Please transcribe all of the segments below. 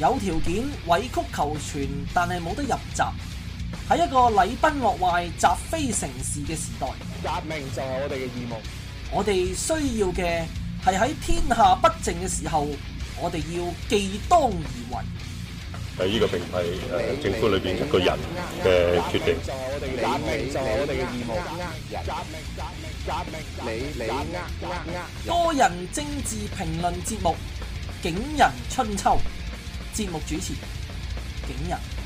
有條件委曲求全，但係冇得入閘。喺一個禮崩樂壞、習非成是嘅時代，革命就係我哋嘅義務。我哋需要嘅係喺天下不正嘅時候，我哋要既當而為。喺呢個並唔係誒政府裏邊一個人嘅決定。就係我哋革命，就係我哋嘅義務。革命革命革命，你你多人政治評論節目《景仁春秋》。節目主持，景仁。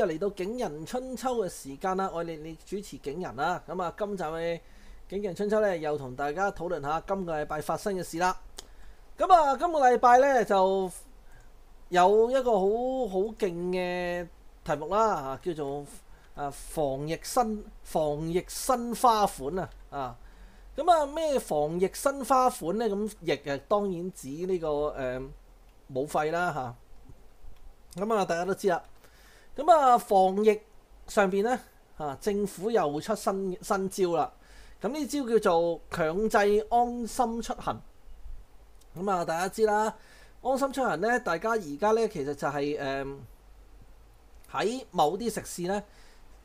又嚟到《景仁春秋》嘅時間啦，我哋你主持景《景仁》啦，咁啊，今集嘅《景仁春秋》咧，又同大家討論下今個禮拜發生嘅事啦。咁啊，今個禮拜咧就有一個好好勁嘅題目啦，啊，叫做啊防疫新防疫新花款啊，啊，咁啊咩防疫新花款咧？咁亦啊，當然指呢、這個誒、呃、武肺啦，吓、啊。咁啊，大家都知啦。咁啊，防疫上邊咧啊，政府又出新新招啦。咁呢招叫做強制安心出行。咁啊，大家知啦，安心出行咧，大家而家咧其實就係誒喺某啲食肆咧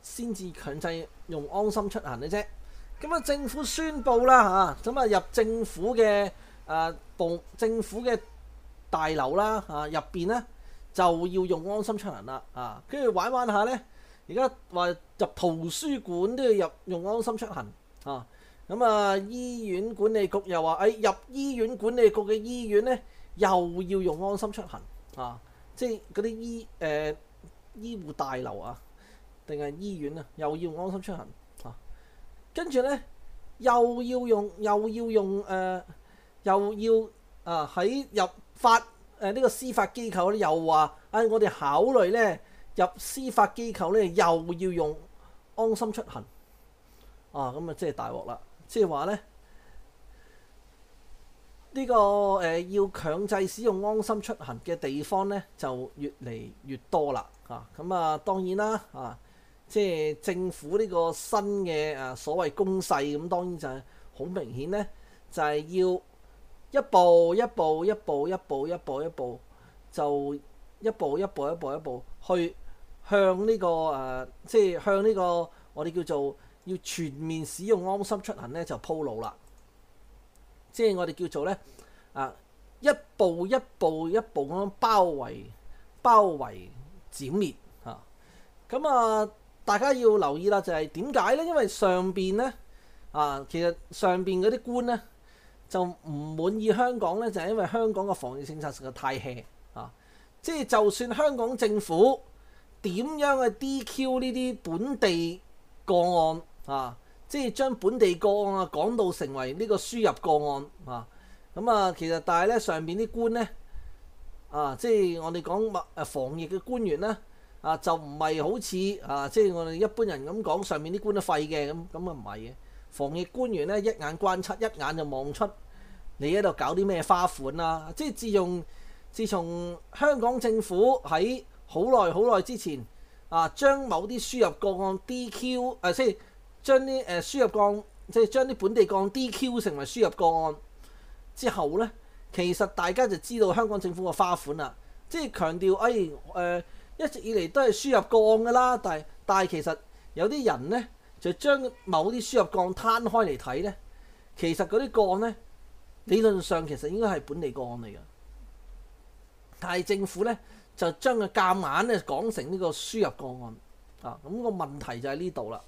先至強制用安心出行嘅啫。咁啊，政府宣布啦吓，咁啊入政府嘅誒，部、啊、政府嘅大樓啦吓、啊，入邊咧。就要用安心出行啦，啊，跟住玩玩下咧，而家話入圖書館都要入用安心出行，啊，咁啊醫院管理局又話，誒、哎、入醫院管理局嘅醫院咧，又要用安心出行，啊，即係嗰啲醫誒、呃、醫護大樓啊，定係醫院啊，又要用安心出行，啊，跟住咧又要用又要用誒、呃，又要啊喺入法。誒呢個司法機構咧又話，誒、哎、我哋考慮咧入司法機構咧，又要用安心出行。啊，咁、嗯、啊，即係大鍋啦，即係話咧，呢、這個誒、呃、要強制使用安心出行嘅地方咧，就越嚟越多啦。啊，咁、嗯、啊，當然啦，啊，即係政府呢個新嘅誒、啊、所謂攻勢，咁、嗯、當然就係好明顯咧，就係、是、要。一步一步一步一步一步一步就一步一步一步一步去向呢個，誒，即係向呢個我哋叫做要全面使用安心出行咧，就鋪路啦。即係我哋叫做咧啊，一步一步一步咁樣包圍包圍剿滅啊。咁啊，大家要留意啦，就係點解咧？因為上邊咧啊，其實上邊嗰啲官咧。就唔滿意香港咧，就係、是、因為香港嘅防疫政策實在太 hea 啊！即係就算香港政府點樣去 DQ 呢啲本地個案啊，即係將本地個案啊講到成為呢個輸入個案啊，咁啊其實但係咧上邊啲官咧啊，即係我哋講物防疫嘅官員咧啊，就唔係好似啊即係我哋一般人咁講上面啲官都廢嘅咁，咁啊唔係嘅，防疫官員咧一眼觀察，一眼就望出，你喺度搞啲咩花款啊？即係自從自從香港政府喺好耐好耐之前啊，將某啲輸入個案 DQ 啊，即係將啲誒、呃、輸入個案即係將啲本地個案 DQ 成為輸入個案之後咧，其實大家就知道香港政府個花款啦。即係強調誒誒、哎呃，一直以嚟都係輸入個案㗎啦。但係但係其實有啲人咧就將某啲輸入個案攤開嚟睇咧，其實嗰啲個案咧。理論上其實應該係本地個案嚟噶，但係政府咧就將佢夾硬咧講成呢個輸入個案啊！咁個問題就喺呢度啦。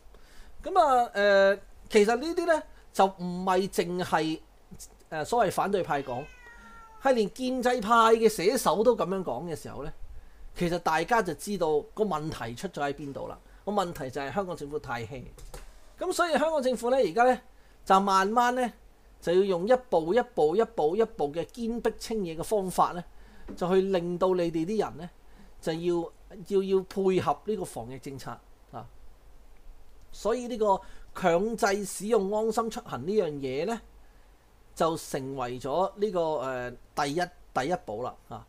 咁啊誒，其實呢啲咧就唔係淨係誒所謂反對派講，係連建制派嘅寫手都咁樣講嘅時候咧，其實大家就知道個問題出咗喺邊度啦。個問題就係香港政府太輕，咁所以香港政府咧而家咧就慢慢咧。就要用一步一步、一步一步嘅堅壁清野嘅方法咧，就去令到你哋啲人咧，就要要要配合呢個防疫政策啊。所以呢個強制使用安心出行呢樣嘢咧，就成為咗呢、這個誒、呃、第一第一步啦啊。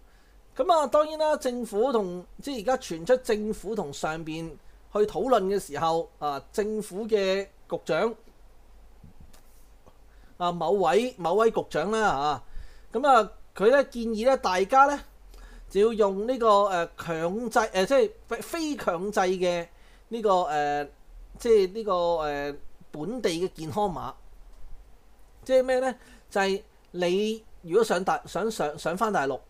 咁啊，當然啦，政府同即係而家傳出政府同上邊去討論嘅時候啊，政府嘅局長。啊，某位某位局長啦嚇，咁啊佢咧建議咧大家咧就要用呢個誒強制誒，即係非強制嘅呢個誒，即係呢個誒本地嘅健康碼，即係咩咧？就係你如果想大想上上翻大陸，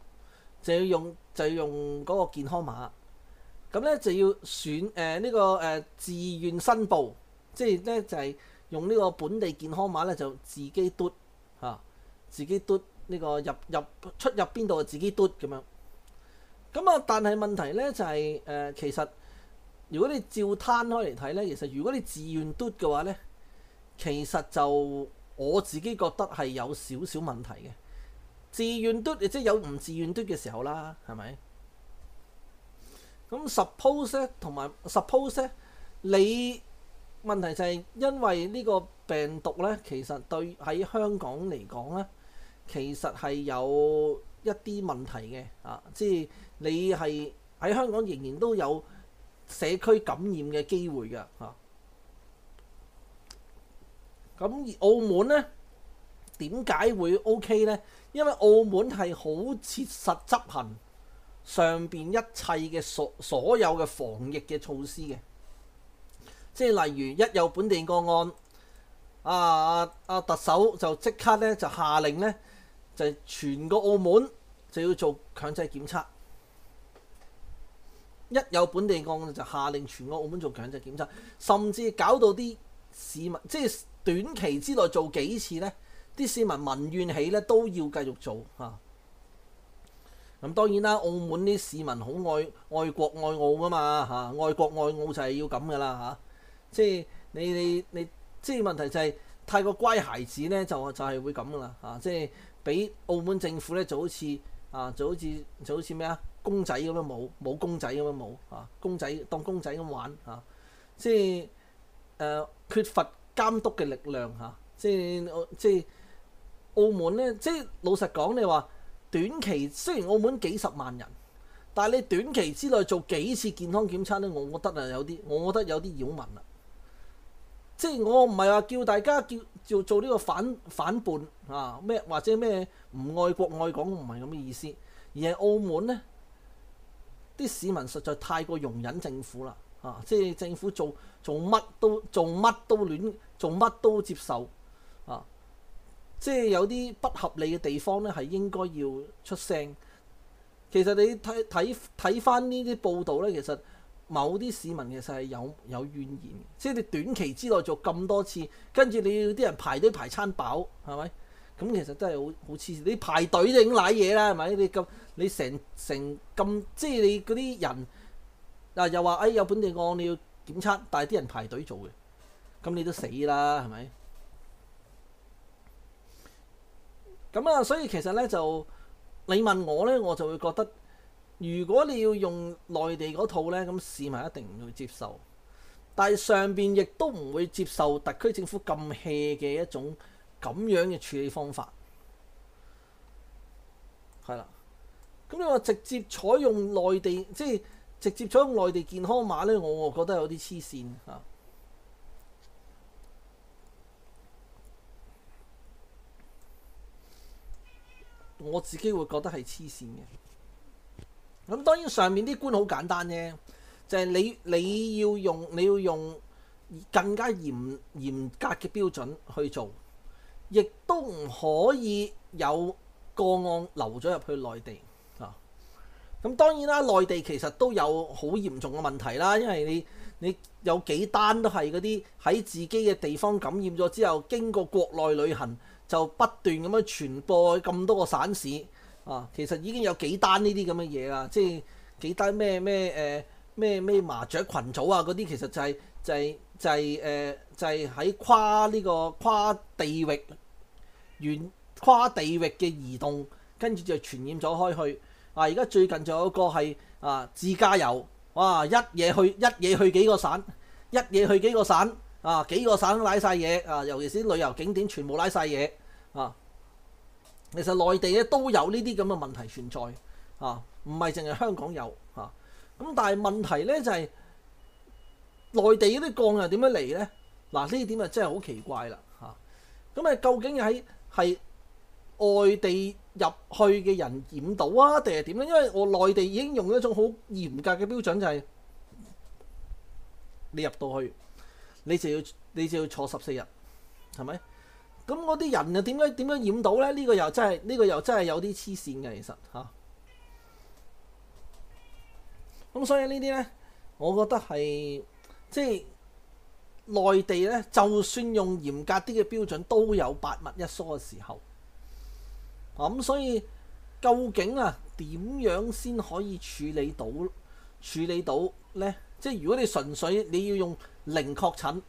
就要用、呃這個呃這個呃就是、就要用嗰個健康碼，咁咧就要選誒呢、呃這個誒、呃、自願申報，即係咧就係、是。用呢個本地健康碼咧，就自己嘟，嚇，自己嘟。呢個入入出入邊度啊，自己嘟。咁、這個、樣。咁、嗯、啊，但係問題咧就係、是、誒、呃，其實如果你照攤開嚟睇咧，其實如果你自願嘟嘅話咧，其實就我自己覺得係有少少問題嘅。自願嘟即係有唔自願嘟嘅時候啦，係咪？咁 supp suppose 咧同埋 suppose 咧你。問題就係因為呢個病毒咧，其實對喺香港嚟講咧，其實係有一啲問題嘅啊，即係你係喺香港仍然都有社區感染嘅機會㗎嚇。咁而澳門咧點解會 OK 咧？因為澳門係好切實執行上邊一切嘅所所有嘅防疫嘅措施嘅。即係例如一有本地個案，啊啊，啊特首就即刻咧就下令咧，就全個澳門就要做強制檢測。一有本地個案就下令全個澳門做強制檢測，甚至搞到啲市民，即係短期之內做幾次咧，啲市民民怨起咧都要繼續做嚇。咁、啊、當然啦，澳門啲市民好愛愛國愛澳噶嘛嚇、啊，愛國愛澳就係要咁噶啦嚇。啊即係你、你、你，即係問題就係、是、太過乖孩子咧，就就係、是、會咁噶啦嚇。即係俾澳門政府咧，就好似啊，就好似就好似咩啊，公仔咁樣舞，舞公仔咁樣舞，啊，公仔當公仔咁玩嚇、啊。即係誒、呃、缺乏監督嘅力量嚇、啊。即係即係澳門咧，即係老實講，你話短期雖然澳門幾十萬人，但係你短期之內做幾次健康檢測咧，我覺得啊有啲，我覺得有啲擾民啦。即係我唔係話叫大家叫做做呢個反反叛啊咩，或者咩唔愛國愛港唔係咁嘅意思，而係澳門咧啲市民實在太過容忍政府啦啊！即係政府做做乜都做乜都亂做乜都接受啊！即係有啲不合理嘅地方咧，係應該要出聲。其實你睇睇睇翻呢啲報道咧，其實某啲市民其實係有有怨言，即係你短期之內做咁多次，跟住你要啲人排隊排餐飽，係咪？咁其實真係好好黐線，你排隊就已經賴嘢啦，係咪？你咁你成成咁，即係你嗰啲人啊又話誒、哎、有本地案你要檢測，但係啲人排隊做嘅，咁你都死啦，係咪？咁啊，所以其實咧就你問我咧，我就會覺得。如果你要用內地嗰套呢，咁市民一定唔會接受。但係上面亦都唔會接受特區政府咁 hea 嘅一種咁樣嘅處理方法，係啦。咁你話直接採用內地，即係直接採用內地健康碼呢，我覺得有啲黐線啊。我自己會覺得係黐線嘅。咁當然上面啲官好簡單啫，就係你你要用你要用更加嚴嚴格嘅標準去做，亦都唔可以有個案流咗入去內地啊。咁當然啦，內地其實都有好嚴重嘅問題啦，因為你你有幾單都係嗰啲喺自己嘅地方感染咗之後，經過國內旅行就不斷咁樣傳播咁多個省市。啊，其實已經有幾單呢啲咁嘅嘢啦，即係幾單咩咩誒咩咩麻雀群組啊嗰啲，其實就係、是、就係、是、就係、是、誒、呃、就係、是、喺跨呢、這個跨地域、遠跨地域嘅移動，跟住就傳染咗開去。啊，而家最近仲有一個係啊、呃、自駕遊，哇、呃、一嘢去一嘢去幾個省，一嘢去幾個省啊，幾個省拉晒嘢啊，尤其是旅遊景點全部拉晒嘢啊。呃其實內地咧都有呢啲咁嘅問題存在，啊，唔係淨係香港有，啊，咁但係問題咧就係、是、內地啲港人又樣呢、啊、點樣嚟咧？嗱呢點啊真係好奇怪啦，嚇、啊！咁啊究竟喺係外地入去嘅人染到啊，定係點咧？因為我內地已經用咗一種好嚴格嘅標準、就是，就係你入到去，你就要你就要坐十四日，係咪？咁嗰啲人又點解點樣染到咧？呢、這個又真係呢、這個又真係有啲黐線嘅，其實嚇。咁、啊、所以呢啲咧，我覺得係即係內地咧，就算用嚴格啲嘅標準，都有百物一疏嘅時候。咁、啊、所以究竟啊，點樣先可以處理到處理到咧？即係如果你純粹你要用零確診，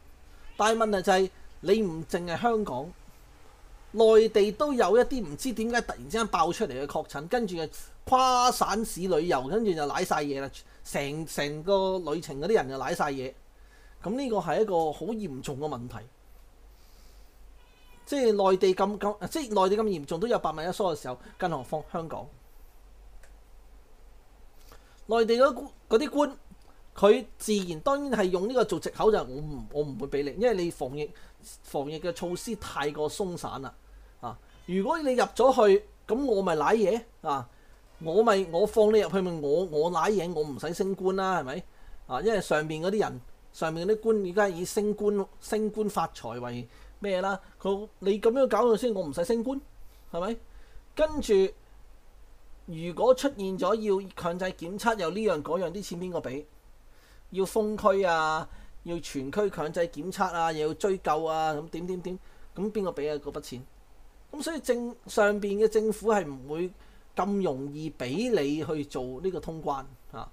但係問題就係、是、你唔淨係香港。內地都有一啲唔知點解突然之間爆出嚟嘅確診，跟住跨省市旅遊，跟住就舐晒嘢啦！成成個旅程嗰啲人就舐晒嘢，咁呢個係一個好嚴重嘅問題。即係內地咁咁，即係內地咁嚴重都有百密一疏嘅時候，更何況香港？內地嗰啲官。佢自然當然係用呢個做藉口就，就係我唔我唔會俾你，因為你防疫防疫嘅措施太過鬆散啦。啊，如果你入咗去，咁我咪舐嘢啊？我咪我放你入去咪我我舐嘢，我唔使升官啦，係咪？啊，因為上邊嗰啲人，上面嗰啲官，而家以升官升官發財為咩啦？佢你咁樣搞到先，我唔使升官，係咪？跟住如果出現咗要強制檢測，又呢樣嗰樣啲錢邊個俾？要封區啊，要全區強制檢測啊，又要追究啊，咁點點點，咁邊個俾啊嗰筆錢？咁所以政上邊嘅政府係唔會咁容易俾你去做呢個通關啊。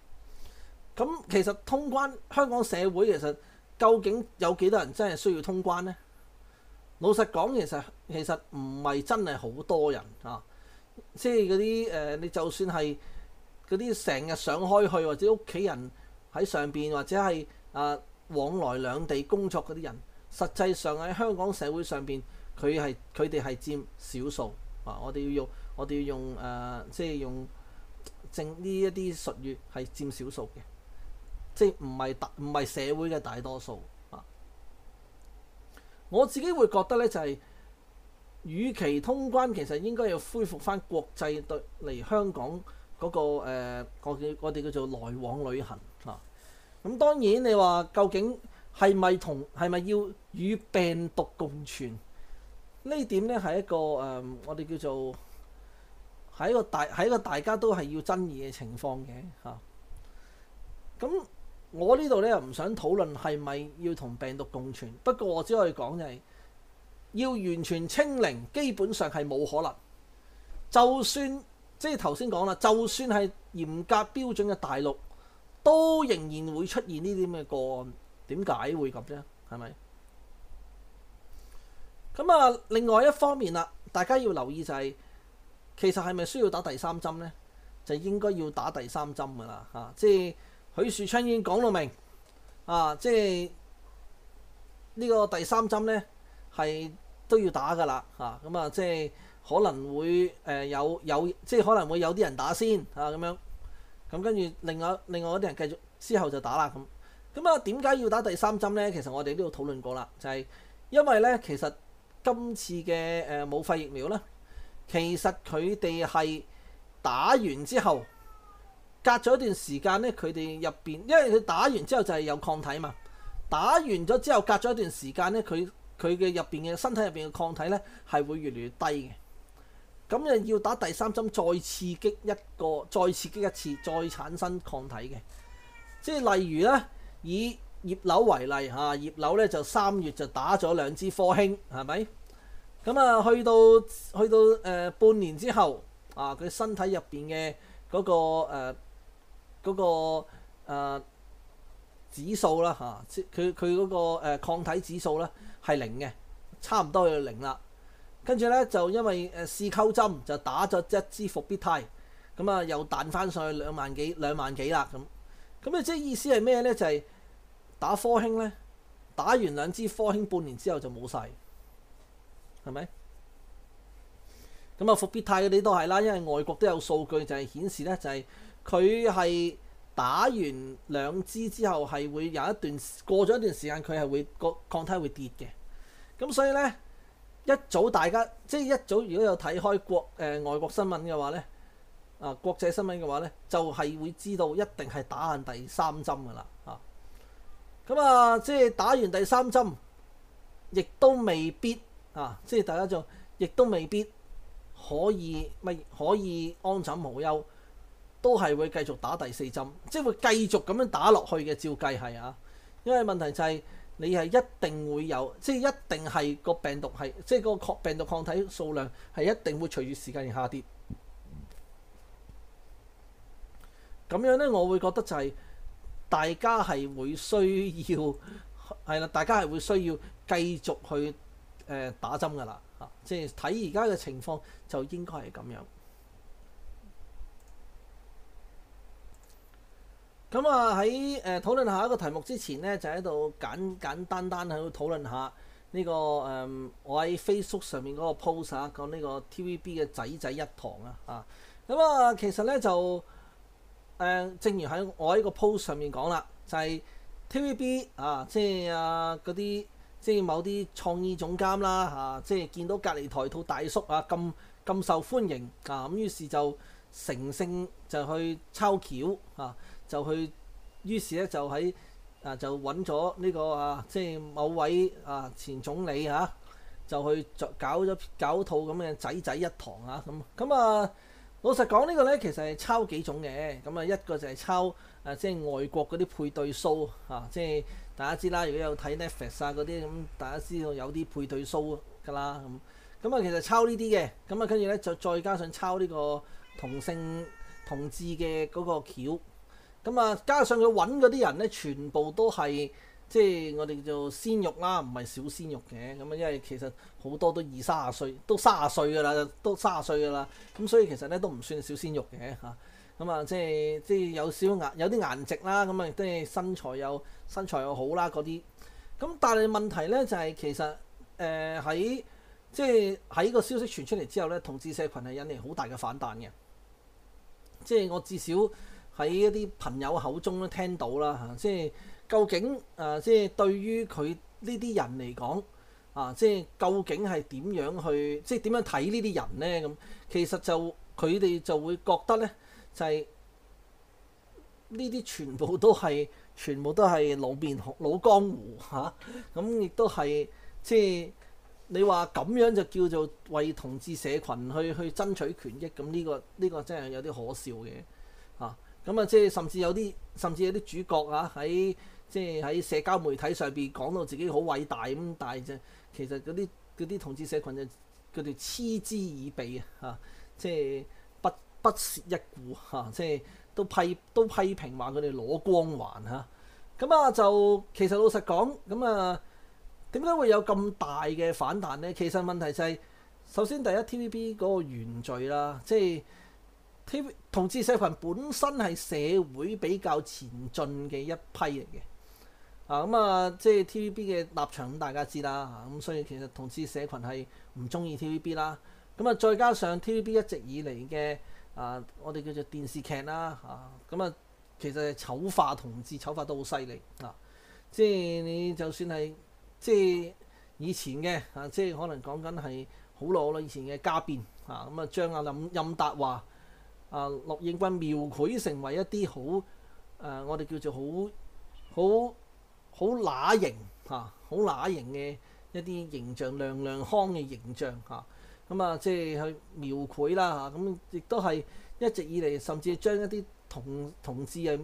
咁其實通關香港社會其實究竟有幾多人真係需要通關咧？老實講，其實其實唔係真係好多人啊，即係嗰啲誒，你就算係嗰啲成日上開去或者屋企人。喺上邊或者係啊往來兩地工作嗰啲人，實際上喺香港社會上邊，佢係佢哋係佔少數啊！我哋要，要用我哋要用誒，即係用正呢一啲術語係佔少數嘅，即係唔係特唔係社會嘅大多數啊！我自己會覺得咧，就係、是、與其通關，其實應該要恢復翻國際對嚟香港。嗰、那個呃那個我哋我哋叫做來往旅行啊。咁當然你，你話究竟係咪同係咪要與病毒共存？點呢點咧係一個誒、嗯，我哋叫做係一個大係一個大家都係要爭議嘅情況嘅嚇。咁、啊、我呢度咧又唔想討論係咪要同病毒共存。不過我只可以講就係要完全清零，基本上係冇可能。就算即係頭先講啦，就算係嚴格標準嘅大陸，都仍然會出現呢啲咁嘅個案。點解會咁咧？係咪？咁啊，另外一方面啦，大家要留意就係，其實係咪需要打第三針咧？就應該要打第三針噶啦嚇。即係許樹昌已經講到明啊，即係呢個第三針咧係都要打噶啦嚇。咁啊，即係。可能會誒有有即係可能會有啲人先打先啊咁樣，咁跟住另外另外啲人繼續之後就打啦咁。咁啊，點解要打第三針咧？其實我哋都有討論過啦，就係因為咧，其實今次嘅誒武肺疫苗咧，其實佢哋係打完之後，隔咗一段時間咧，佢哋入邊，因為佢打完之後就係有抗體嘛，打完咗之後隔咗一段時間咧，佢佢嘅入邊嘅身體入邊嘅抗體咧係會越來越低嘅。咁啊，就要打第三針，再刺激一個，再刺激一次，再產生抗體嘅。即係例如咧，以葉劉為例嚇、啊，葉劉咧就三月就打咗兩支科興，係咪？咁、嗯、啊，去到去到誒、呃、半年之後啊，佢身體入邊嘅嗰個誒嗰、呃那個呃、指數啦嚇，佢佢嗰個、呃、抗體指數咧係零嘅，差唔多係零啦。跟住咧就因為誒試溝針就打咗一支復必泰，咁啊又彈翻上去兩萬幾兩萬幾啦咁。咁啊即係意思係咩咧？就係、是、打科興咧，打完兩支科興半年之後就冇晒，係咪？咁啊復必泰嗰啲都係啦，因為外國都有數據就係顯示咧，就係佢係打完兩支之後係會有一段過咗一段時間佢係會個抗體會跌嘅。咁所以咧。一早大家即係一早如果有睇開國誒、呃、外國新聞嘅話咧，啊國際新聞嘅話咧，就係、是、會知道一定係打緊第三針㗎喇，啊咁啊即係打完第三針，亦都未必啊，即係大家就亦都未必可以咪可，可以安枕無憂，都係會繼續打第四針，即係會繼續咁樣打落去嘅，照計係啊，因為問題就係、是，你係一定會有，即係一定係個病毒係，即係個抗病毒抗體數量係一定會隨住時間而下跌。咁樣咧，我會覺得就係大家係會需要，係啦，大家係會需要繼續去誒打針噶啦，嚇，即係睇而家嘅情況就應該係咁樣。咁啊！喺誒、嗯、討論下一個題目之前咧，就喺度簡，簡簡單單喺度討論下呢、這個誒、嗯，我喺 Facebook 上面嗰個 post 啊，講呢個 TVB 嘅仔仔一堂啊。啊，咁、嗯、啊，其實咧就誒、嗯，正如喺我喺個 post 上面講啦，就係、是、TVB 啊，即係啊嗰啲即係某啲創意總監啦嚇、啊，即係見到隔離台套大叔啊咁咁受歡迎啊咁，於是就成性就去抄橋啊。就去，於是咧就喺啊就揾咗呢個啊，即係某位啊前總理嚇、啊，就去就搞咗搞套咁嘅仔仔一堂啊。咁咁啊。老實講呢個咧其實係抄幾種嘅咁啊，一個就係抄啊，即係外國嗰啲配對 show 啊。即係大家知啦。如果有睇 Netflix 嗰啲咁，大家知道有啲配對 show 㗎啦咁。咁啊，啊，其實抄呢啲嘅咁啊，跟住咧就再加上抄呢個同性同志嘅嗰個橋，咁啊，加上佢揾嗰啲人咧，全部都係即係我哋叫做鮮肉啦，唔係小鮮肉嘅。咁啊，因為其實好多都二卅歲，都卅歲噶啦，都卅歲噶啦。咁所以其實咧都唔算小鮮肉嘅嚇。咁啊，即係即係有少顏，有啲顏值啦。咁啊，就係呃，即係身材又身材又好啦嗰啲。咁但係問題咧就係其實誒喺即係喺個消息傳出嚟之後咧，同志社群係引嚟好大嘅反彈嘅。即係我至少，喺一啲朋友口中都聽到啦，嚇！即係究竟誒，即係對於佢呢啲人嚟講，啊，即係究竟係點樣去，即係點樣睇呢啲人咧？咁其實就佢哋就會覺得咧，就係呢啲全部都係，全部都係老面老江湖嚇。咁亦都係即係你話咁樣就叫做為同志社群去去爭取權益，咁呢個呢個真係有啲可笑嘅。咁啊、嗯，即係甚至有啲，甚至有啲主角啊，喺即係喺社交媒體上邊講到自己好偉大咁，但係就其實嗰啲啲同志社群就叫「哋嗤之以鼻啊，嚇、啊！即係不不屑一顧嚇，即係都批都批評話佢哋攞光環嚇。咁啊、嗯、啊，就其實老實講，咁、嗯、啊點解會有咁大嘅反彈咧？其實問題就係、是、首先第一 TVB 嗰個原罪啦，即係。TV, 同志社群本身係社會比較前進嘅一批嚟嘅，啊咁啊，即係 T.V.B. 嘅立場大家知啦，啊咁所以其實同志社群係唔中意 T.V.B. 啦，咁啊再加上 T.V.B. 一直以嚟嘅啊，我哋叫做電視劇啦，啊咁啊，其實係醜化同志醜化都好犀利啊，即係你就算係即係以前嘅啊，即係可能講緊係好耐好耐以前嘅家變啊，咁、嗯、啊張亞林任達華。啊，陸應軍描繪成為一啲好誒，我哋叫做好好好乸型嚇，好、啊、乸型嘅一啲形象，娘娘腔嘅形象嚇。咁啊，啊，即係去描繪啦嚇，咁、啊、亦都係一直以嚟，甚至將一啲同同志啊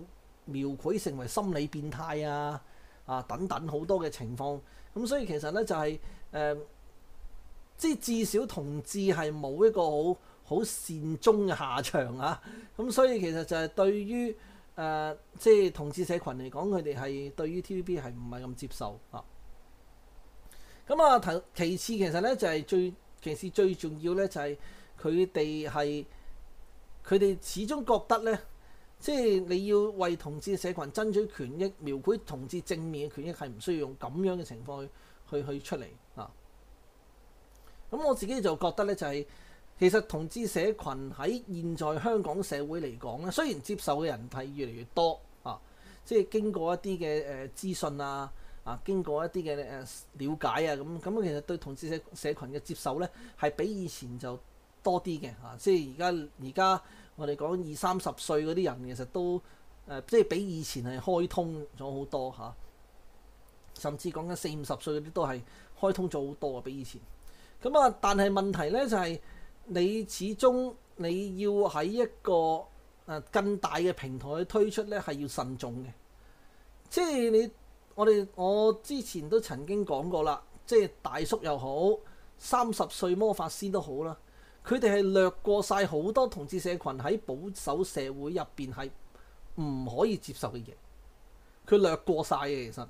描繪成為心理變態啊啊等等好多嘅情況。咁、啊嗯、所以其實咧就係、是、誒、呃，即係至少同志係冇一個好。好善終嘅下場啊！咁所以其實就係對於誒即係同志社群嚟講，佢哋係對於 TVB 係唔係咁接受啊？咁啊，頭其次其實咧就係最其次最重要咧就係佢哋係佢哋始終覺得咧，即係你要為同志社群爭取權益，描繪同志正面嘅權益係唔需要用咁樣嘅情況去去去出嚟啊！咁我自己就覺得咧就係。其實同志社群喺現在香港社會嚟講咧，雖然接受嘅人係越嚟越多啊，即係經過一啲嘅誒資訊啊啊，經過一啲嘅誒了解啊，咁咁其實對同志社社羣嘅接受咧係比以前就多啲嘅啊，即係而家而家我哋講二三十歲嗰啲人其實都誒、呃，即係比以前係開通咗好多嚇、啊，甚至講緊四五十歲嗰啲都係開通咗好多啊，比以前咁啊。但係問題咧就係、是。你始終你要喺一個誒更大嘅平台去推出咧，係要慎重嘅。即係你我哋我之前都曾經講過啦，即係大叔又好，三十歲魔法師都好啦，佢哋係掠過晒好多同志社群喺保守社會入邊係唔可以接受嘅嘢，佢掠過晒嘅其實。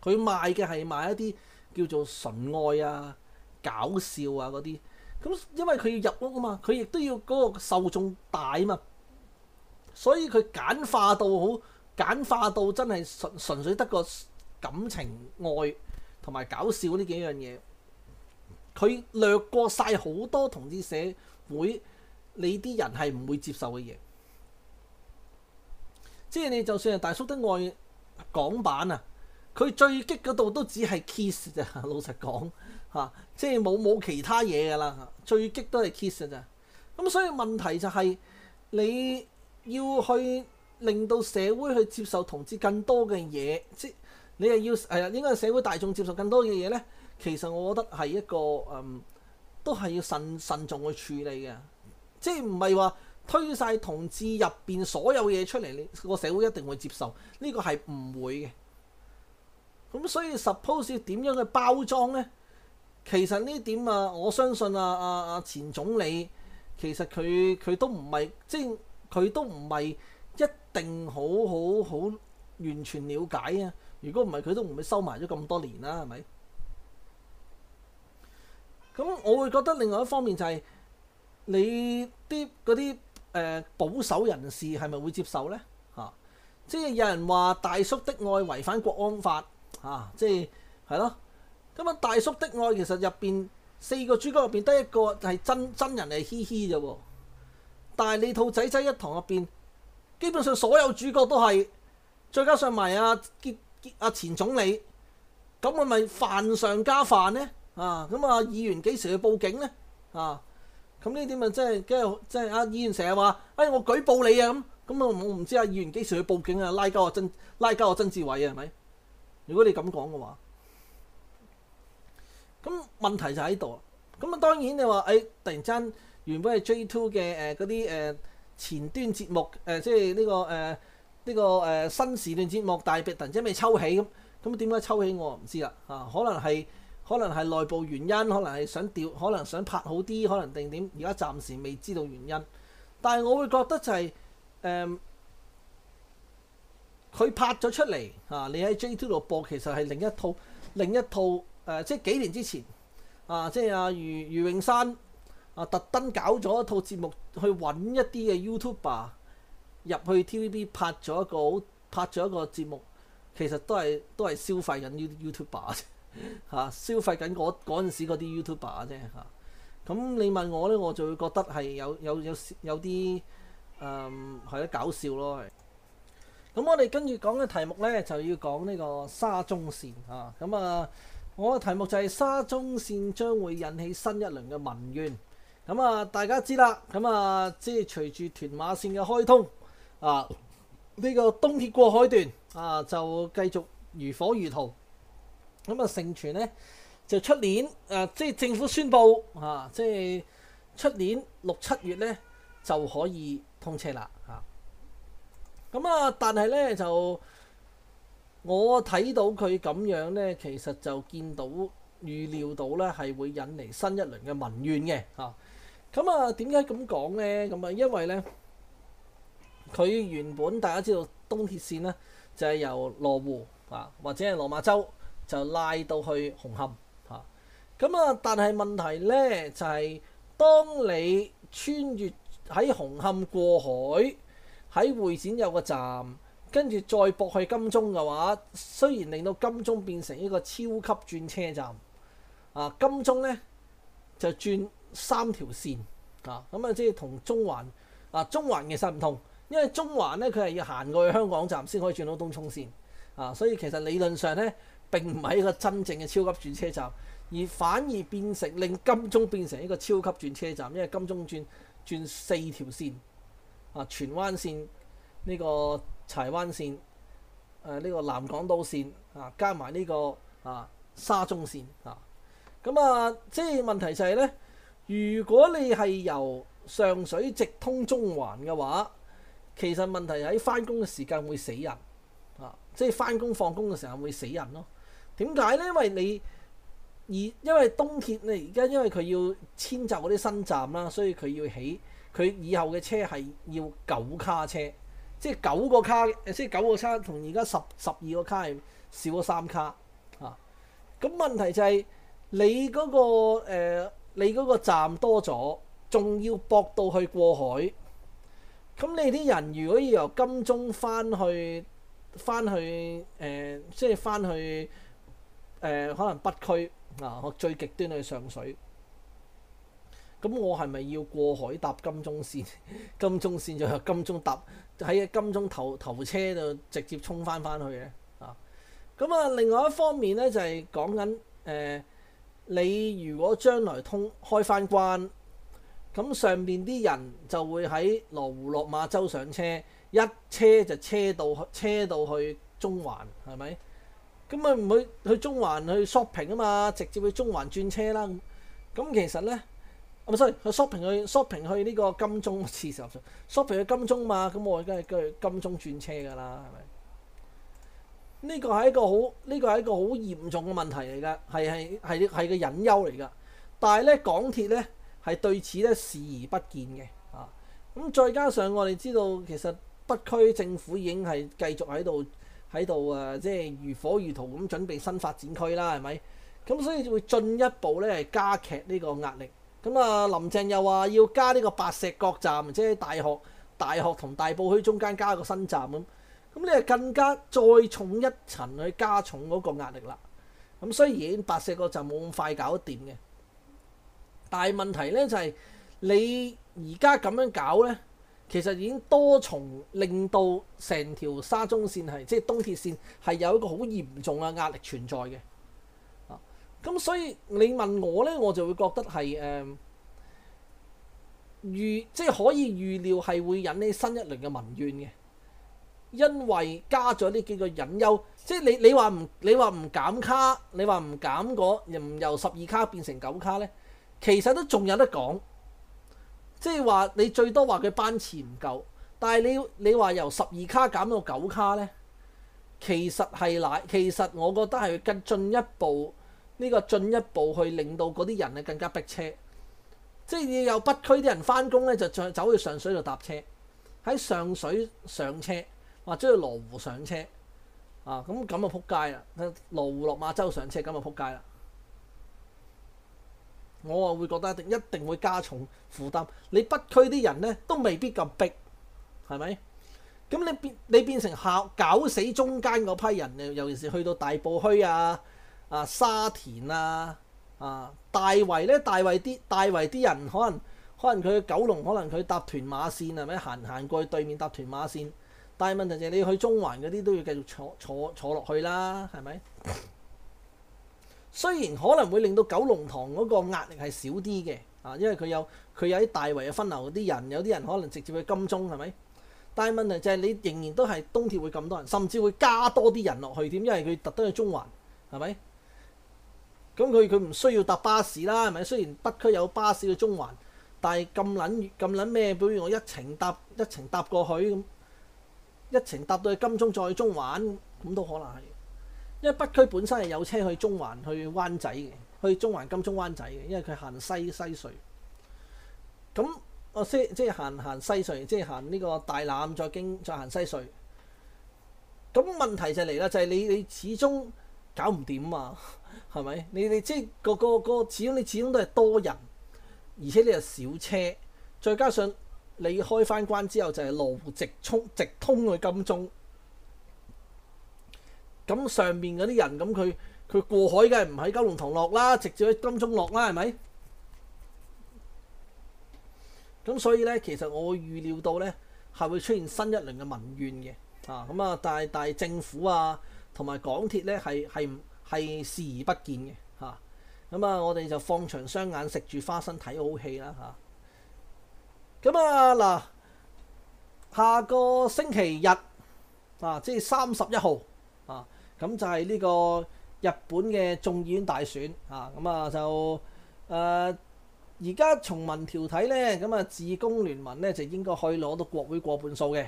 佢賣嘅係賣一啲叫做純愛啊、搞笑啊嗰啲。咁因為佢要入屋啊嘛，佢亦都要嗰個受眾大啊嘛，所以佢簡化到好簡化到真係純純粹得個感情愛同埋搞笑呢幾樣嘢，佢掠過晒好多同志社會你啲人係唔會接受嘅嘢，即係你就算係大叔的愛港版啊，佢最激嗰度都只係 kiss 啫，老實講嚇，啊，即係冇冇其他嘢噶啦。最激都係 kiss 啊！咋咁所以問題就係、是、你要去令到社會去接受同志更多嘅嘢，即你又要係啊，應該係社會大眾接受更多嘅嘢咧。其實我覺得係一個嗯，都係要慎慎重去處理嘅，即係唔係話推晒同志入邊所有嘢出嚟，你個社會一定會接受呢、呢個係唔會嘅。咁所以 suppose 點樣去包裝咧？其實呢點啊，我相信啊啊啊前總理，其實佢佢都唔係，即係佢都唔係一定好好好完全了解啊。如果唔係，佢都唔會收埋咗咁多年啦、啊，係咪？咁我會覺得另外一方面就係、是、你啲嗰啲誒保守人士係咪會接受咧？嚇、啊，即係有人話大叔的愛違反國安法，嚇、啊，即係係咯。咁啊！大叔的愛其實入邊四個主角入邊得一個係真真人係嘻嘻啫喎、啊，但係你兔仔仔一堂入邊，基本上所有主角都係，再加上埋阿傑傑阿前總理，咁我咪犯上加犯呢？啊！咁啊，議員幾時去報警呢？啊！咁呢點咪真係，即係即係阿、啊、議員成日話，哎，我舉報你啊！咁咁啊，我唔知啊議員幾時去報警啊？拉鳩我曾，拉鳩我曾志偉啊？係咪？如果你咁講嘅話？咁問題就喺度，咁啊當然你話誒突然間原本係 J Two 嘅誒嗰啲誒前端節目誒、呃，即係呢、這個誒呢、呃這個誒、呃、新時段節目大劇，突然之間未抽起咁，咁點解抽起我唔知啦嚇、啊，可能係可能係內部原因，可能係想調，可能想拍好啲，可能定點，而家暫時未知道原因。但係我會覺得就係、是、誒，佢、呃、拍咗出嚟嚇、啊，你喺 J Two 度播，其實係另一套另一套。誒、呃、即係幾年之前，啊即係啊余余永山啊特登搞咗一套節目去揾一啲嘅 YouTuber 入去 TVB 拍咗一個好拍咗一個節目，其實都係都係消費緊 YouTuber 啫，嚇消費緊嗰嗰陣時嗰啲 YouTuber 啫嚇。咁、啊、你問我咧，我就會覺得係有有有有啲誒係一搞笑咯。咁我哋跟住講嘅題目咧，就要講呢個沙中線啊。咁啊～我嘅題目就係沙中線將會引起新一輪嘅民怨，咁啊大家知啦，咁啊即係隨住屯馬線嘅開通啊，呢個東鐵過海段啊就繼續如火如荼，咁啊盛傳咧就出年誒，即係政府宣布吓，即係出年六七月咧就可以通車啦吓，咁啊但係咧就。我睇到佢咁樣咧，其實就見到預料到咧，係會引嚟新一輪嘅民怨嘅嚇。咁啊，點解咁講咧？咁啊，因為咧，佢原本大家知道東鐵線咧就係、是、由羅湖啊或者係落馬洲就拉到去紅磡嚇。咁啊，啊，但係問題咧就係、是、當你穿越喺紅磡過海，喺會展有個站。跟住再駁去金鐘嘅話，雖然令到金鐘變成一個超級轉車站，啊金鐘咧就轉三條線，啊咁啊即係同中環啊中環其實唔同，因為中環咧佢係要行過去香港站先可以轉到東涌線，啊所以其實理論上咧並唔係一個真正嘅超級轉車站，而反而變成令金鐘變成一個超級轉車站，因為金鐘轉轉四條線，啊荃灣線呢個。柴灣線，誒、呃、呢、這個南港島線啊，加埋呢、這個啊沙中線啊，咁啊，即係問題就係咧，如果你係由上水直通中環嘅話，其實問題喺翻工嘅時間會死人啊，即係翻工放工嘅時間會死人咯、哦。點解咧？因為你而因為東鐵你而家因為佢要遷就嗰啲新站啦，所以佢要起佢以後嘅車係要九卡車。即係九個卡嘅，即係九個卡，同而家十十二個卡係少咗三卡啊！咁問題就係、是、你嗰、那個、呃、你嗰個站多咗，仲要駁到去過海，咁你啲人如果要由金鐘翻去翻去誒、呃，即係翻去誒、呃、可能北區啊，最極端去上水。咁我係咪要過海搭金鐘線？金鐘線就由金鐘搭喺金鐘頭頭車度直接衝翻翻去咧啊！咁啊，另外一方面咧就係、是、講緊誒、呃，你如果將來通開翻關，咁上邊啲人就會喺羅湖落馬洲上車，一車就車到車到去中環，係咪？咁咪唔去去中環去 shopping 啊嘛？直接去中環轉車啦。咁其實咧～唔係，佢、啊、shopping 去 shopping 去呢個金鐘廁所，shopping 去金鐘嘛，咁我梗係跟去金鐘轉車㗎啦，係咪？呢個係一個好呢個係一個好嚴重嘅問題嚟㗎，係係係係個隱憂嚟㗎。但係咧，港鐵咧係對此咧視而不見嘅啊。咁再加上我哋知道，其實北區政府已經係繼續喺度喺度啊，即係、即係、如火如荼咁準備新發展區啦，係咪？咁所以會進一步咧係加劇呢個壓力。咁啊，林鄭又話要加呢個白石角站，即係大學、大學同大埔墟中間加個新站咁，咁你就更加再重一層去加重嗰個壓力啦。咁雖然白石角站冇咁快搞掂嘅。但係問題咧就係你而家咁樣搞咧，其實已經多重令到成條沙中線係即係東鐵線係有一個好嚴重嘅壓力存在嘅。咁所以你問我呢，我就會覺得係誒預即係可以預料係會引起新一輪嘅民怨嘅，因為加咗呢幾個隱憂，即係你你話唔你話唔減卡，你話唔減嗰，唔由十二卡變成九卡呢，其實都仲有得講。即係話你最多話佢班次唔夠，但係你你話由十二卡減到九卡呢，其實係哪？其實我覺得係更進一步。呢個進一步去令到嗰啲人咧更加逼車，即係又有北區啲人翻工咧，就再走去上水度搭車，喺上水上車，或者去羅湖上車，啊咁，咁就撲街啦！啊羅湖落馬洲上車咁就撲街啦！我啊會覺得一定一定會加重負擔，你北區啲人咧都未必咁逼，係咪？咁你變你變成嚇搞死中間嗰批人嘅，尤其是去到大埔墟啊～啊沙田啊啊大圍咧大圍啲大圍啲人可能可能佢九龍可能佢搭屯馬線係咪行行過去對面搭屯馬線，但係問題就係你要去中環嗰啲都要繼續坐坐坐落去啦，係咪？ 雖然可能會令到九龍塘嗰個壓力係少啲嘅，啊，因為佢有佢有啲大圍嘅分流啲人，有啲人可能直接去金鐘係咪？但係問題就係你仍然都係東鐵會咁多人，甚至會加多啲人落去添，因為佢特登去中環係咪？咁佢佢唔需要搭巴士啦，係咪？雖然北區有巴士去中環，但係咁撚咁撚咩？比如我一程搭一程搭過去，一程搭到去金鐘再中環，咁都可能係。因為北區本身係有車去中環、去灣仔嘅，去中環、金鐘、灣仔嘅，因為佢行西西隧。咁我即即係行行西隧，即係行呢個大欖再經再行西隧。咁問題就嚟啦，就係、是、你你始終。搞唔掂啊，係咪？你哋即係個個個，始終你始終都係多人，而且你又少車，再加上你開翻關之後就係羅湖直衝直通去金鐘，咁上面嗰啲人咁佢佢過海梗係唔喺九龍塘落啦，直接喺金鐘落啦，係咪？咁所以咧，其實我會預料到咧係會出現新一輪嘅民怨嘅，啊咁啊，但係但係政府啊。同埋港鐵咧，係係係視而不見嘅嚇，咁啊，我哋就放長雙眼食住花生睇好戲啦嚇。咁啊嗱、啊，下個星期日啊，即係三十一號啊，咁就係呢個日本嘅眾議院大選啊，咁啊就誒而家從民調睇咧，咁啊自公聯盟咧就應該可以攞到國會過半數嘅。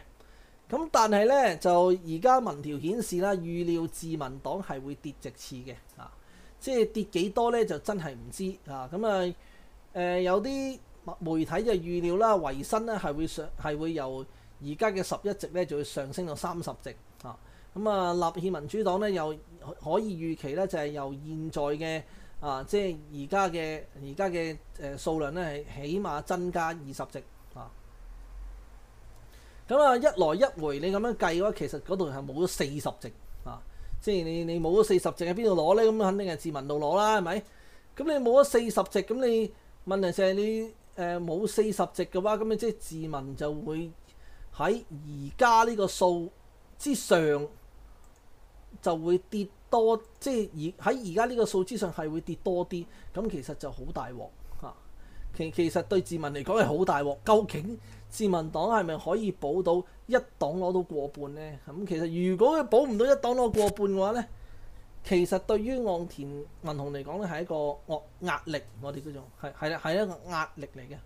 咁但係咧，就而家民調顯示啦，預料自民黨係會跌直次嘅，啊，即係跌幾多咧，就真係唔知啊。咁、呃、啊，誒有啲媒體就預料啦，維新咧係會上係會由而家嘅十一席咧，就會上升到三十席啊。咁啊，立憲民主黨咧又可以預期咧，就係、是、由現在嘅啊，即係而家嘅而家嘅誒數量咧，係起碼增加二十席。咁啊，一來一回你咁樣計嘅話，其實嗰度係冇咗四十席啊，即係你你冇咗四十席喺邊度攞咧？咁肯定係自民度攞啦，係咪？咁你冇咗四十席，咁你問題就係你誒冇、呃、四十席嘅話，咁你即係自民就會喺而家呢個數之上就會跌多，即係而喺而家呢個數之上係會跌多啲。咁其實就好大鑊啊！其其實對自民嚟講係好大鑊，究竟？自民黨係咪可以保到一黨攞到過半呢？咁其實如果佢保唔到一黨攞過半嘅話呢，其實對於岸田文雄嚟講呢，係一個壓壓力，我哋叫做係係係一個壓力嚟嘅。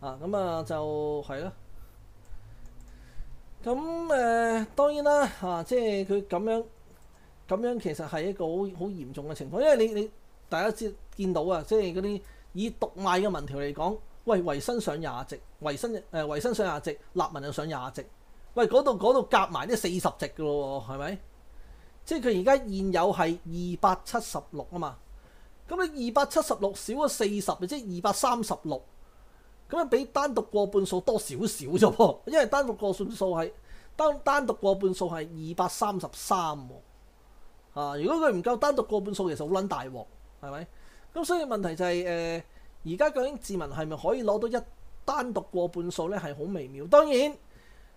啊，咁啊就係咯。咁誒、啊、當然啦嚇、啊，即係佢咁樣咁樣其實係一個好好嚴重嘅情況，因為你你大家先見到啊，即係嗰啲以讀賣嘅民調嚟講。喂，維新上廿席，維新誒、呃、維新上廿席，立民又上廿席。喂，嗰度嗰度夾埋啲四十席嘅咯喎，係咪？即係佢而家現有係二百七十六啊嘛。咁你二百七十六少咗四十，即係二百三十六。咁樣比單獨過半數多少少啫噃，因為單獨過半數係單單獨過半數係二百三十三。啊，如果佢唔夠單獨過半數，其實好撚大鑊，係咪？咁所以問題就係、是、誒。呃而家究竟自民係咪可以攞到一單獨過半數咧？係好微妙。當然，誒、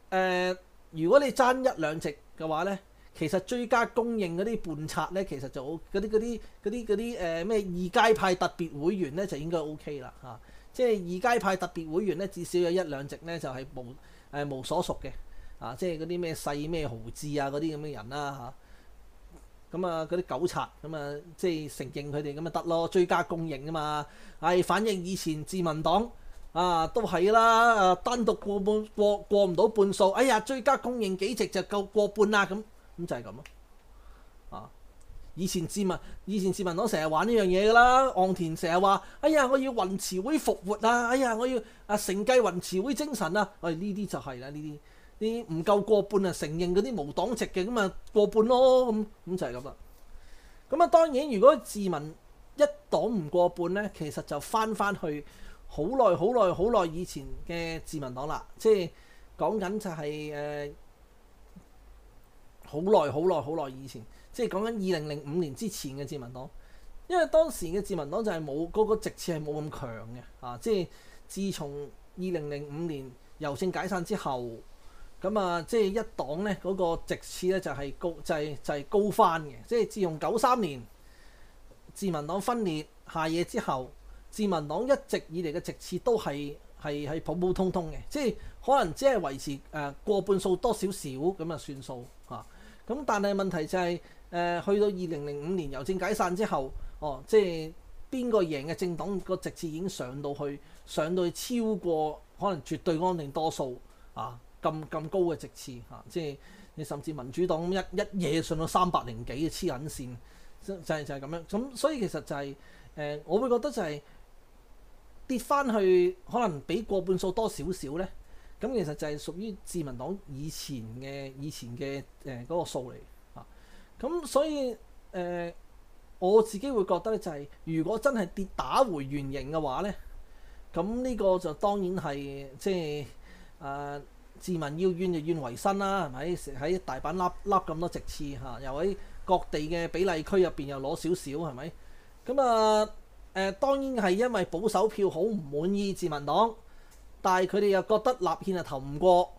呃、如果你爭一兩席嘅話咧，其實追加供應嗰啲叛賊咧，其實就嗰啲嗰啲嗰啲嗰啲誒咩二階派特別會員咧就應該 O K 啦嚇。即係二階派特別會員咧，至少有一兩席咧就係、是、無誒、呃、無所屬嘅啊！即係嗰啲咩細咩豪志啊嗰啲咁嘅人啦、啊、嚇。啊咁啊，嗰啲、嗯、狗賊，咁、嗯、啊，即係承認佢哋，咁咪得咯，追加公認啊嘛，唉，反正以前自民黨啊，都係啦，啊，單獨過半過過唔到半數，哎呀，追加公認幾席就夠過，過半啦、啊，咁、嗯，咁、嗯、就係咁咯，啊，以前自民，以前自民黨成日玩呢樣嘢噶啦，岸田成日話，哎呀，我要宏池會復活啊，哎呀，我要啊承繼宏池會精神啊，喂、哎，呢啲就係啦，呢啲。啲唔夠過半啊！承認嗰啲無黨籍嘅咁啊，過半咯，咁，咁就係咁啦。咁啊，當然如果自民一黨唔過半咧，其實就翻翻去好耐、好耐、好耐以前嘅自民黨啦。即係講緊就係誒好耐、好耐、好耐以前，即係講緊二零零五年之前嘅自民黨，因為當時嘅自民黨就係冇嗰個席次係冇咁強嘅啊。即係自從二零零五年郵政解散之後。咁啊、嗯，即係一黨咧，嗰、那個席次咧就係高，就係、是、就係、是、高翻嘅。即係自從九三年自民黨分裂下野之後，自民黨一直以嚟嘅席次都係係係普普通通嘅。即係可能只係維持誒、呃、過半數多少少咁啊算數嚇。咁、啊、但係問題就係、是、誒、呃、去到二零零五年郵政解散之後，哦、啊，即係邊個贏嘅政黨個席次已經上到去上到去超過可能絕對安定多數啊！咁咁高嘅席次嚇，即係你甚至民主黨一一,一夜上到三百零幾嘅黐緊線，就係、是、就係、是、咁樣。咁、嗯、所以其實就係、是、誒、呃，我會覺得就係、是、跌翻去可能比過半數多少少咧。咁、嗯、其實就係屬於自民黨以前嘅以前嘅誒嗰個數嚟嚇。咁、啊嗯、所以誒、呃，我自己會覺得咧就係、是、如果真係跌打回原形嘅話咧，咁、嗯、呢、這個就當然係即係誒。呃自民要怨就怨維新啦，係咪？喺大阪笠笠咁多席次嚇、啊，又喺各地嘅比例區入邊又攞少少，係咪？咁啊誒、呃，當然係因為保守票好唔滿意自民黨，但係佢哋又覺得立憲啊投唔過，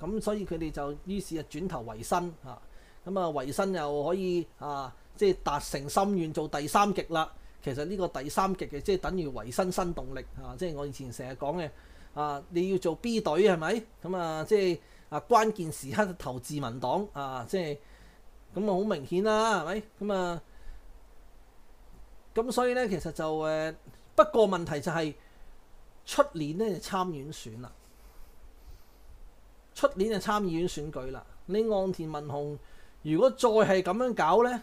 咁所以佢哋就於是啊轉投維新嚇，咁啊，啊維新又可以啊即係、就是、達成心願做第三極啦。其實呢個第三極嘅即係等於維新新動力嚇，即、啊、係、就是、我以前成日講嘅。啊！你要做 B 隊係咪咁啊？即係啊關鍵時刻投自民黨啊！即係咁啊，好明顯啦，係咪咁啊？咁所以咧，其實就誒、啊、不過問題就係、是、出年咧參院選啦，出年就參議院選舉啦。你岸田文雄如果再係咁樣搞咧，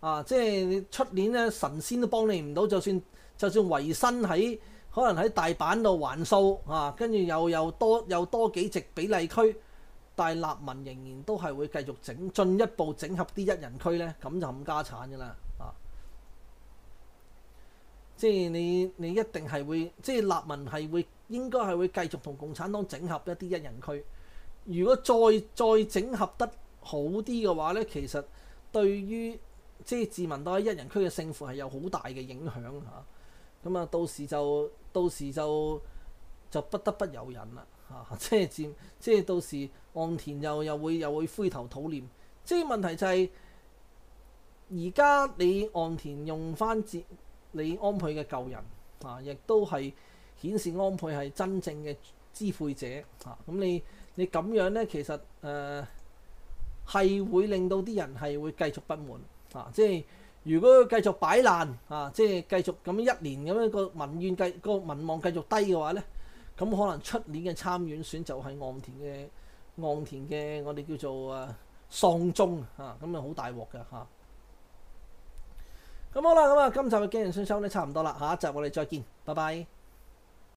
啊即係你出年咧神仙都幫你唔到，就算就算維新喺，可能喺大阪度還數啊，跟住又多又多有多幾席比例區，但係立民仍然都係會繼續整進一步整合啲一,一人區咧，咁就咁家產㗎啦啊！即係你你一定係會，即係立民係會應該係會繼續同共產黨整合一啲一人區。如果再再整合得好啲嘅話咧，其實對於即係自民黨喺一人區嘅勝負係有好大嘅影響嚇。啊咁啊，到時就到時就就不得不由人啦，嚇、啊！即係佔，即係到時岸田又又會又會灰頭土臉。即係問題就係、是，而家你岸田用翻佔，你安倍嘅舊人啊，亦都係顯示安倍係真正嘅支配者啊。咁你你咁樣咧，其實誒係、呃、會令到啲人係會繼續不滿啊！即係。如果繼續擺爛啊，即係繼續咁一年咁樣個民怨繼個民望繼續低嘅話咧，咁可能出年嘅參院選就係岸田嘅岸田嘅我哋叫做啊喪鐘啊，咁啊，啊好大鑊㗎吓。咁好啦，咁啊今集嘅景仁信箱差唔多啦，下一集我哋再見，拜拜。